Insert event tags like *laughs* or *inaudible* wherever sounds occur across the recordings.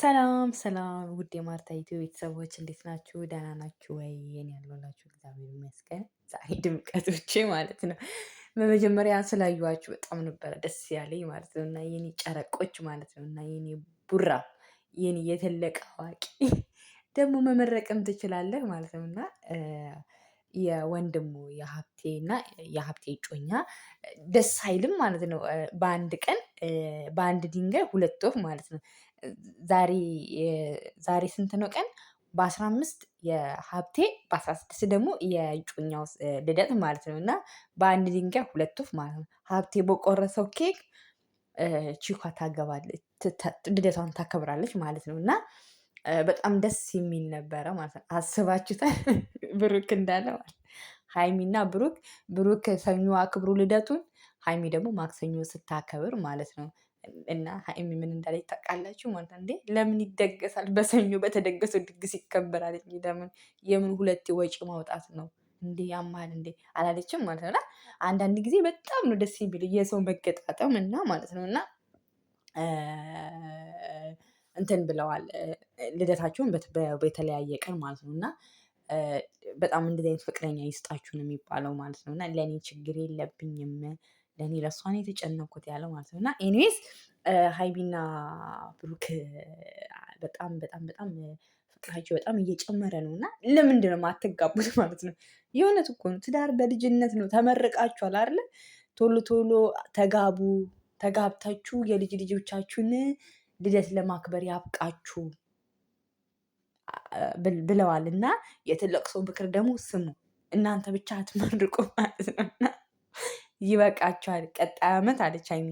ሰላም ሰላም ውድ የማርታ ኢትዮ ቤተሰቦች እንዴት ናችሁ? ደህና ናችሁ ወይ? የኔ ያለላችሁ እግዚአብሔር ይመስገን። ዛሬ ድምቀቶቼ ማለት ነው። በመጀመሪያ ስላዩዋችሁ በጣም ነበረ ደስ ያለኝ ማለት ነው እና የኔ ጨረቆች ማለት ነው እና የኔ ቡራ የኔ የተለቀ አዋቂ ደግሞ መመረቅም ትችላለህ ማለት ነው እና የወንድሙ የሀብቴ እና የሀብቴ እጮኛ ደስ አይልም ማለት ነው። በአንድ ቀን በአንድ ድንጋይ ሁለት ወፍ ማለት ነው። ዛሬ ዛሬ ስንት ነው ቀን? በአስራ አምስት የሀብቴ በአስራ ስድስት ደግሞ የእጮኛው ልደት ማለት ነው። እና በአንድ ድንጋይ ሁለት ወፍ ማለት ነው። ሀብቴ በቆረሰው ኬክ ቺኳ ታገባለች ልደቷን ታከብራለች ማለት ነው። እና በጣም ደስ የሚል ነበረ ማለት ነው። አስባችሁታል? ብሩክ እንዳለው ሀይሚና ብሩክ ብሩክ ሰኞ አክብሩ ልደቱን፣ ሀይሚ ደግሞ ማክሰኞ ስታከብር ማለት ነው። እና ሀይሚ ምን እንዳለ ይታወቃላችሁ ማለት እንዴ፣ ለምን ይደገሳል? በሰኞ በተደገሰው ድግስ ይከበራል እንጂ ለምን የምን ሁለት ወጪ ማውጣት ነው እንዴ? ያማል እንዴ አላለችም ማለት ነው። አንዳንድ ጊዜ በጣም ነው ደስ የሚል የሰው መገጣጠም እና ማለት ነው እና እንትን ብለዋል ልደታቸውን በተለያየ ቀን ማለት ነው እና በጣም እንደዚህ አይነት ፍቅረኛ ይስጣችሁ ነው የሚባለው ማለት ነው። እና ለእኔ ችግር የለብኝም ለእኔ ለእሷን የተጨነኩት ያለው ማለት ነው። እና ኤኒዌይስ ሀይቢና ብሩክ በጣም በጣም በጣም ፍቅራቸው በጣም እየጨመረ ነው። እና ለምንድን ነው የማትጋቡት ማለት ነው? የእውነት እኮ ነው። ትዳር በልጅነት ነው። ተመርቃችኋል አይደለ? ቶሎ ቶሎ ተጋቡ። ተጋብታችሁ የልጅ ልጆቻችሁን ልደት ለማክበር ያብቃችሁ። ብለዋል። እና የትልቅ ሰው ምክር ደግሞ ስሙ፣ እናንተ ብቻ አትመርቁ ማለት ነውና ይበቃችኋል። ቀጣይ ዓመት አለች ሀይሚ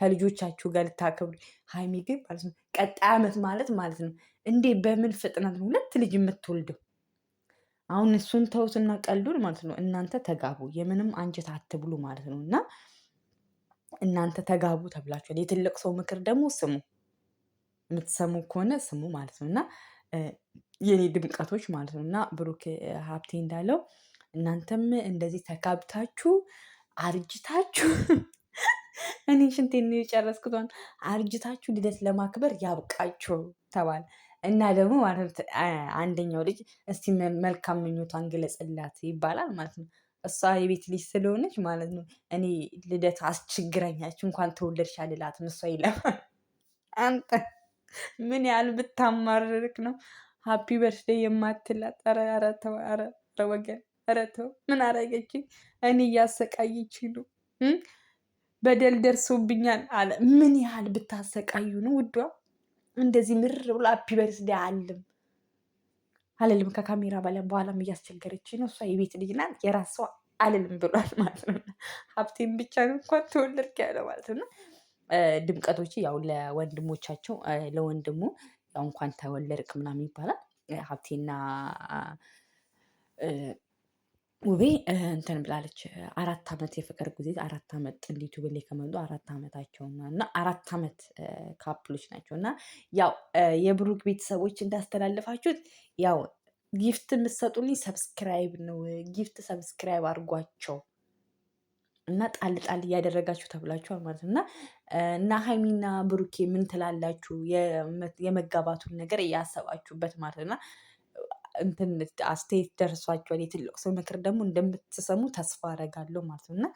ከልጆቻችሁ ጋር ልታከብሩ። ሀይሚ ግን ማለት ነው ቀጣይ ዓመት ማለት ማለት ነው እንዴ! በምን ፍጥነት ነው ሁለት ልጅ የምትወልደው? አሁን እሱን ተውትና ቀልዱን ማለት ነው። እናንተ ተጋቡ፣ የምንም አንጀት አትብሉ ማለት ነው። እና እናንተ ተጋቡ ተብላችኋል። የትልቅ ሰው ምክር ደግሞ ስሙ፣ የምትሰሙ ከሆነ ስሙ ማለት ነው እና የኔ ድምቀቶች ማለት ነው እና ብሩክ ሀብቴ እንዳለው እናንተም እንደዚህ ተካብታችሁ አርጅታችሁ *laughs* እኔ ሽንቴን የጨረስኩትን አርጅታችሁ ልደት ለማክበር ያብቃችሁ ተባለ እና ደግሞ ማለት አንደኛው ልጅ እስቲ መልካም ምኞቷን ግለጽላት ይባላል ማለት ነው። እሷ የቤት ልጅ ስለሆነች ማለት ነው እኔ ልደት አስቸግረኛች እንኳን ተወለድሽ አልላትም። እሷ ይለማል *laughs* አንተ ምን ያህል ብታማርርክ ነው ሀፒ በርስዴ የማትላት? ረ ወገን ኧረ ምን አረገች? እኔ እያሰቃየች ነው፣ በደል ደርሶብኛል አለ። ምን ያህል ብታሰቃዩ ነው ውዷ? እንደዚህ ምር ብሎ ሀፒ በርስዴ አልም አልልም ከካሜራ በላይ በኋላም እያስቸገረች ነው። እሷ የቤት ልጅ ናት፣ የራሷ አልልም ብሏል ማለት ነው። ሀብቴን ብቻ ነው እንኳን ተወለድክ ያለ ማለት ነው። ድምቀቶች ያው ለወንድሞቻቸው ለወንድሙ ያው እንኳን ተወለድክ ምናምን ይባላል። ሀብቴና ውቤ እንትን ብላለች። አራት ዓመት የፍቅር ጊዜ አራት ዓመት ጥንዲቱ ብሌ ከመጡ አራት ዓመታቸውና እና አራት ዓመት ካፕሎች ናቸው እና ያው የብሩክ ቤተሰቦች እንዳስተላለፋችሁት ያው ጊፍት የምትሰጡልኝ ሰብስክራይብ ነው። ጊፍት ሰብስክራይብ አድርጓቸው። እና ጣል ጣል እያደረጋችሁ ተብላችኋል ማለት እና እና ሀይሚና ብሩኬ ምን ትላላችሁ? የመጋባቱን ነገር እያሰባችሁበት ማለት እና እንትን አስተያየት ደርሷችኋል። የትልቅ ሰው ምክር ደግሞ እንደምትሰሙ ተስፋ አደርጋለሁ ማለት ነው እና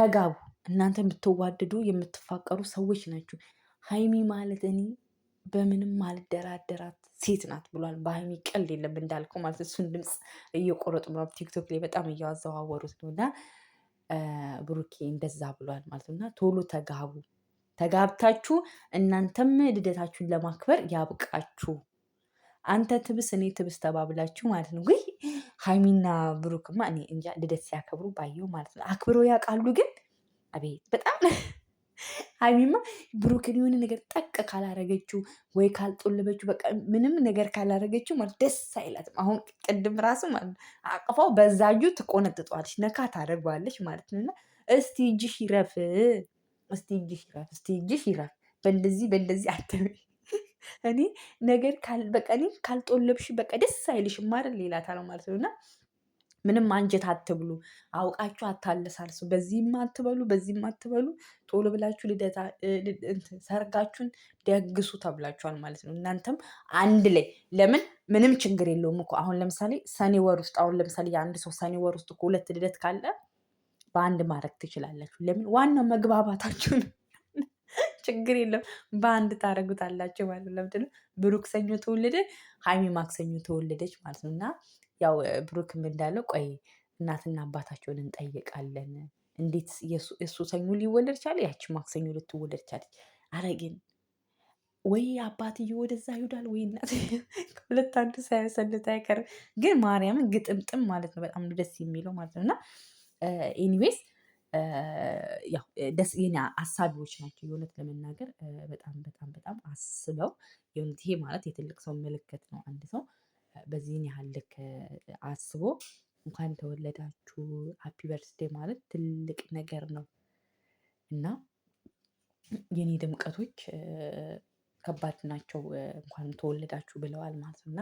ተጋቡ። እናንተ የምትዋደዱ የምትፋቀሩ ሰዎች ናችሁ። ሀይሚ ማለት እኔ በምንም አልደራደራት ሴት ናት ብሏል። በሀይሚ ቀልድ የለም እንዳልከው ማለት እሱን ድምፅ እየቆረጡ ነው ቲክቶክ ላይ በጣም እያዘዋወሩት ነው እና ብሩኬ እንደዛ ብሏል ማለት ነው። እና ቶሎ ተጋቡ። ተጋብታችሁ እናንተም ልደታችሁን ለማክበር ያብቃችሁ። አንተ ትብስ እኔ ትብስ ተባብላችሁ ማለት ነው። ይ ሀይሚና ብሩክማ እኔ እንጃ ልደት ሲያከብሩ ባየው ማለት ነው። አክብረው ያውቃሉ ግን አቤት በጣም ሀይሚማ ብሩክን የሆነ ነገር ጠቅ ካላረገችው ወይ ካልጦለበችው በቃ ምንም ነገር ካላረገችው ማለት ደስ አይላትም። አሁን ቅድም ራሱ ማለት አቅፋው በዛ እጁ ትቆነጥጠዋለች፣ ነካ ታደርገዋለች ማለት ነው። እና እስቲ እጅሽ ይረፍ፣ እስቲ እጅሽ ይረፍ፣ እስቲ እጅሽ ይረፍ። በእንደዚህ በእንደዚህ አትበይ እኔ ነገር በቃ እኔ ካልጦለብሽ በቃ ደስ አይልሽ ማር ሌላታል ማለት ነው እና ምንም አንጀት አትብሉ። አውቃችሁ አታለሳልሱ። በዚህም አትበሉ፣ በዚህም አትበሉ። ቶሎ ብላችሁ ሰርጋችሁን ደግሱ ተብላችኋል ማለት ነው። እናንተም አንድ ላይ ለምን ምንም ችግር የለውም እኮ አሁን ለምሳሌ ሰኔ ወር ውስጥ አሁን ለምሳሌ የአንድ ሰው ሰኔ ወር ውስጥ ሁለት ልደት ካለ በአንድ ማድረግ ትችላላችሁ። ለምን ዋናው መግባባታችሁ ነው። ችግር የለም በአንድ ታደረጉታላችሁ ማለት ነው። ለምንድን ነው ብሩክ ሰኞ ተወለደ፣ ሀይሚ ማክሰኞ ተወለደች ማለት ነው እና ያው ብሩክም እንዳለው ቆይ እናትና አባታቸውን እንጠይቃለን። እንዴት እሱ ሰኞ ሊወለድ ቻለ? ያቺ ማክሰኞ ልትወለድ ቻለች? አረ ግን ወይ አባትዬ ወደዛ ይሁዳል ወይ እናት ከሁለት *laughs* አንዱ ሳያሰልት አይቀርም። ግን ማርያምን ግጥምጥም ማለት ነው በጣም ደስ የሚለው ማለት ነው። እና ኤኒዌይስ ደስ የኔ አሳቢዎች ናቸው። የእውነት ለመናገር በጣም በጣም በጣም አስበው የእውነት ይሄ ማለት የትልቅ ሰው ምልክት ነው። አንድ ሰው በዚህን ያህል ልክ አስቦ እንኳን ተወለዳችሁ ሀፒ በርስዴ ማለት ትልቅ ነገር ነው እና የኔ ድምቀቶች ከባድ ናቸው። እንኳን ተወለዳችሁ ብለዋል ማለት እና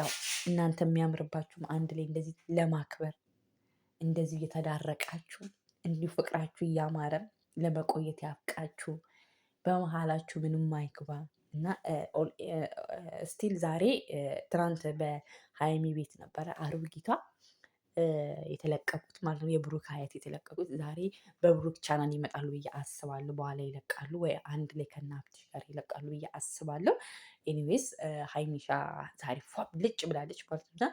ያው እናንተ የሚያምርባችሁም አንድ ላይ እንደዚህ ለማክበር እንደዚህ እየተዳረቃችሁ እንዲሁ ፍቅራችሁ እያማረ ለመቆየት ያብቃችሁ። በመሃላችሁ ምንም አይግባ። እና ስቲል ዛሬ ትናንት በሀይሚ ቤት ነበረ አርብ ጊቷ የተለቀቁት ማለት ነው። የብሩክ ሀያት የተለቀቁት ዛሬ በብሩክ ቻናል ይመጣሉ ብዬ አስባለሁ። በኋላ ይለቃሉ ወይ አንድ ላይ ከና ጋር ይለቃሉ ብዬ አስባለሁ። ኤኒዌይስ ሀይሚሻ ዛሬ ልጭ ብላለች ማለት ነው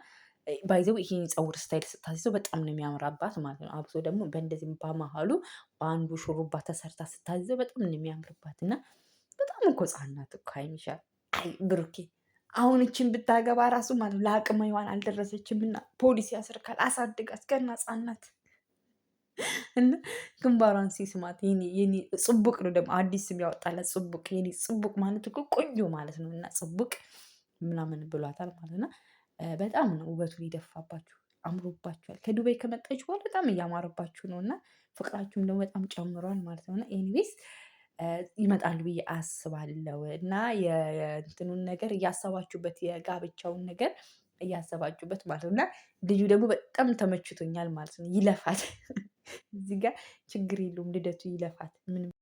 ባይዘው ይሄን ፀጉር ስታይል ስታሲዘው በጣም ነው የሚያምራባት ማለት ነው። አብሶ ደግሞ በእንደዚህ በመሀሉ በአንዱ ሹሩባ ተሰርታ ስታስይዘው በጣም ነው የሚያምርባት እና እኮ ጻናት እኮ ሀይሚሻ አይ ብሩኬ አሁን እችን ብታገባ ራሱ ማለት ለአቅመ ሔዋን አልደረሰችም እና ፖሊስ ያስርካል። አሳድጋት ገና ጻናት እና ግንባሯን ሲስማት የኔ ጽቡቅ ነው ደግሞ አዲስ ስም ያወጣላት ጽቡቅ። የኔ ጽቡቅ ማለት እኮ ቆንጆ ማለት ነው እና ጽቡቅ ምናምን ብሏታል ማለት ና በጣም ነው ውበቱን ይደፋባችሁ አምሮባችኋል። ከዱባይ ከመጣች በኋላ በጣም እያማረባችሁ ነው እና ፍቅራችሁም ደግሞ በጣም ጨምሯል ማለት ነው እና ኤኒዌይስ ይመጣሉ ብዬ አስባለሁ። እና የእንትኑን ነገር እያሰባችሁበት የጋብቻውን ነገር እያሰባችሁበት ማለት ነው። እና ልጁ ደግሞ በጣም ተመችቶኛል ማለት ነው። ይለፋት *laughs* እዚህ ጋር ችግር የለውም ልደቱ ይለፋት ምንም